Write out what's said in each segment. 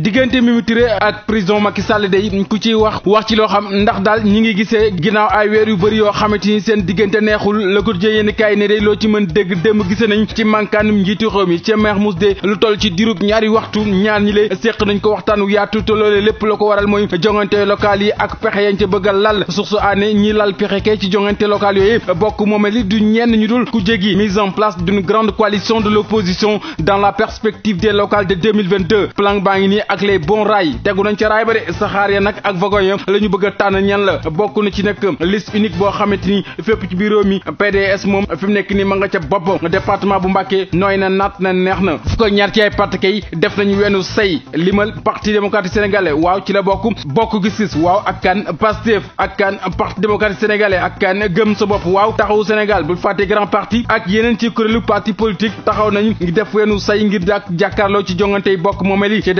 diggante Mimi Touré ak président Macky Sall day ku ci wax wax ci loo xam ndax daal ñi ngi gisee ginnaaw ay weer yu bëri yoo xamante ni seen diggante neexul Le Quotidien yéen kaay ne day loo ci mën dégg démb gise nañ ci mànkaanum njiitu réew mi ca Mermoz de lu toll ci diirub ñaari waxtu ñaar ñi lay séq nañ ko waxtaan wu yaatu te loolee lépp la ko waral mooy jongante local yi ak pexe yañ ca bëgg lal suuf su aane ñi lal pexe kay ci jongante local yooyu bokk moomel li du ñenn ñu dul ku jégi mise en place d'une grande coalition de l'opposition ak les bons rails tegu nañ ca raay ba de saxaar ya nag ak wagon ya la ñu a tànn ñan la bokk na ci nag liste unique boo xamante ni fépp ci biir réew mi PDS moom fi mu nekk nii ma nga ca bopp département bu Mbacké nooy na naat na neex na fukk ak ñaar ci ay parti kay def nañu wenu say limal parti démocratique sénégalais waaw ci la bokk bokk gis-gis waaw ak kan Pastef ak kan parti démocratique sénégalais ak kan gëm sa bopp waaw taxawu Sénégal bu fàtte grand parti ak yeneen ci kuréelu parti politique taxaw nañu def wenu say ngir jàkkaarloo ci jongante yi bokk moomel yi ci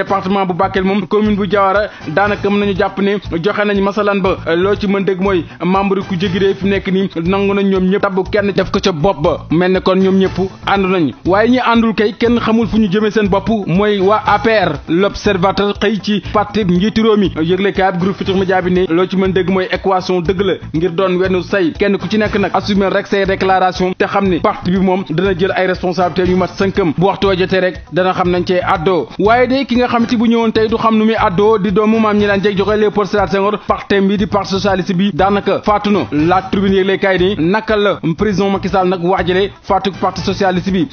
département bu Bakel moom commune bu Diawara daanaka mën nañu jàpp ne joxe nañ masalan ba loo ci mën dégg mooy membre ku jégirée fi nekk nii nangu nañ ñoom ñëpp tabb kenn def ko ca bopp ba mel ne kon ñoom ñëpp ànd nañ waaye ñi àndul kay kenn xamul fu ñu jëmee seen bopp mooy waa APR l'observateur xëy ci parti njiitu réew mi yëgle kaay ab groupe Futurs Médias bi ne loo ci mën dégg mooy équation dëgg la ngir doon wenn say kenn ku ci nekk nag assumer rek say déclaration te xam ne parti bi moom dana jël ay responsabilités yu mat sënkam bu waxtoo jotee rek dana xam nañ cee àddoo bu ñëwoon tey du xam nu muy àddoo di doomu maam ñi laan jeg joxe Léopold Sédar Senghor partem bi di parti socialiste bi daanaka faatu na la tribune yéeg lay kaay ni naka la président Macky Sall nag waajalee faatu parti socialiste leen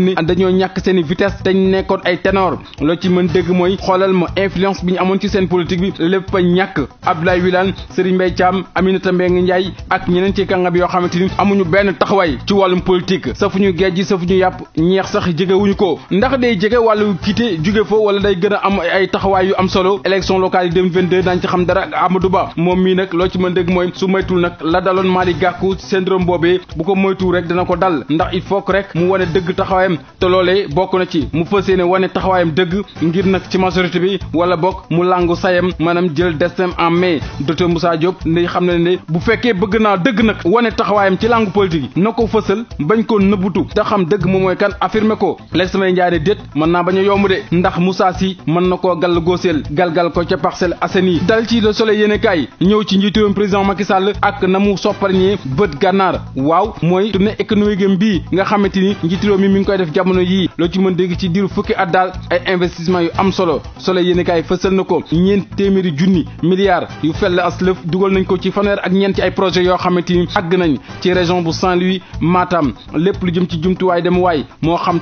ni dañoo ñàkk seen i vitesse ñu nekkoon ay ténor loo ci mën dégg mooy xoolal ma influence bi ñu amoon ci seen politique bi lépp a ñàkk Abdoulaye Wilane Serigne Mbaye Thiam Aminata Mbengue Ndiaye ak ñeneen ci kàngam yoo xamante ni amuñu benn taxawaay ci wàllum politique safuñu géej gi safuñu yàpp ñeex sax ndax jegewuñu ko ndax day jege wàllu kiite jóge fa wala day gën am ay taxawaay yu am solo élection locale yi 2022 daañu ci xam dara ak Amadou Ba moom mii nag loo ci mën dégg mooy su moytul nag la daloon Malick Gakou syndrome boobee bu ko moytu rek dana ko dal ndax il faut rek mu wane dëgg taxawaayam te loolee bokk na ci mu fas yéene wane taxawaayam dëgg ngir nag ci majorité bi wala bokk mu làngu sayam maanaam jël destin en mai docteur Moussa Diop ne xam na ne bu fekkee bëgg naa dëgg na ko fësal bañ ko nëbbutu te xam fermer ko leeg samay njaare déet mën naa bañ a yomb de ndax Moussa Sy mën na koo gàll góoseel galgal ko ca Parcelles Assainies dal ci Le Soleil yéene ñëw ci njiitu président Macky Sall ak na mu sopparñee bët gànnaar waaw mooy tournée économique bi nga xamante ni njiitu mi mi ngi koy def jamono yii loo ci mën dégg ci diiru fukki at daal ay investissement yu am solo Soleil yéene kaay fësal na ko ñeent téeméeri junni milliards yu fel as lëf dugal nañ ko ci fanweer ak ñeent ay projets yoo xamante ni àgg nañ ci région bu Saint-Louis Matam lépp lu jëm ci jumtuwaay dem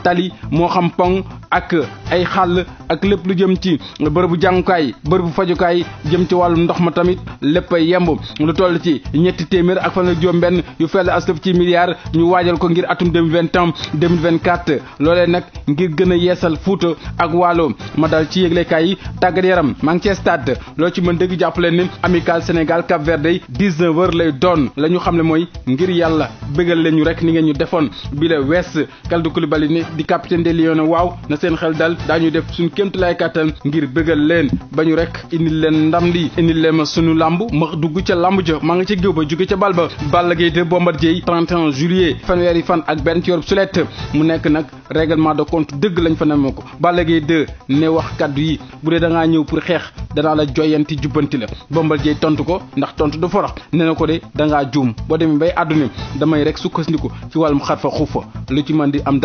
tali moo xam pong ak ay xàll ak lépp lu jëm ci bërëbu jàngukaay bërëbu fajukaay jëm ci wàllu ndox ma tamit lépp ay yemb lu toll ci ñetti téeméer ak fan la juróom yu fell aslëf ci milliards ñu waajal ko ngir atum 2021 2024 loolee nag ngir gën a yeesal Fuuta ak wàlloo ma dal ci yëglekaay yi tàggat yaram maa ngi ci stade loo ci mën dëgg jàppaleen ni amical Sénégal Cap Verde 19 heures lay doon la ñu xam ne mooy ngir yàlla bëggal leen ñu rek ni ngeen ñu defoon bi wees Kalidou Koulibaly di capitaine des Lions waaw na seen xel dal daañu def suñ kéemtulaay kàttan ngir bëggal leen ba ñu rek indil leen ndam li indi leen ma suñu làmb ma dugg ca làmb ja maa nga ca géew ba jóge ca bal ba Balla Gaye de Bombardier 31 juillet fanweeri fan ak benn ci yor sulet mu nekk nag règlement de compte dëgg lañ fa nemee ko Balla Gaye de ne wax kaddu yi bu dee da ngaa ñëw pour xeex danaa la joyanti jubbanti la Bombardier tontu ko ndax tontu du forax na ko de da juum boo demee bay àdduna damay rek sukkandiku ci wàllum xar lu ci mën di am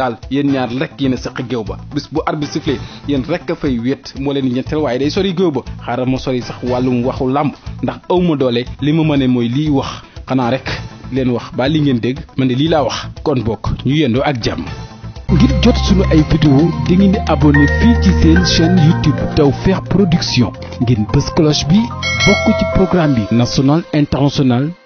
yéen ñaar rek yéen a sëq géew ba bis bu arbitre sifflé yéen a fay wéet moo leen di waaye day sori géew ba xaaral ma sori sax wàllum waxu làmb ndax aw ma doole li ma mëne mooy liy wax xanaa rek leen wax baa li ngeen dégg man di lii laa wax kon bokk ñu yendoo ak jàmm. ngir jot suñu ay vidéo di ngeen di abonné fii ci seen chaîne YouTube Tawfekh Production ngeen bës cloche bi bokk ci programme bi national international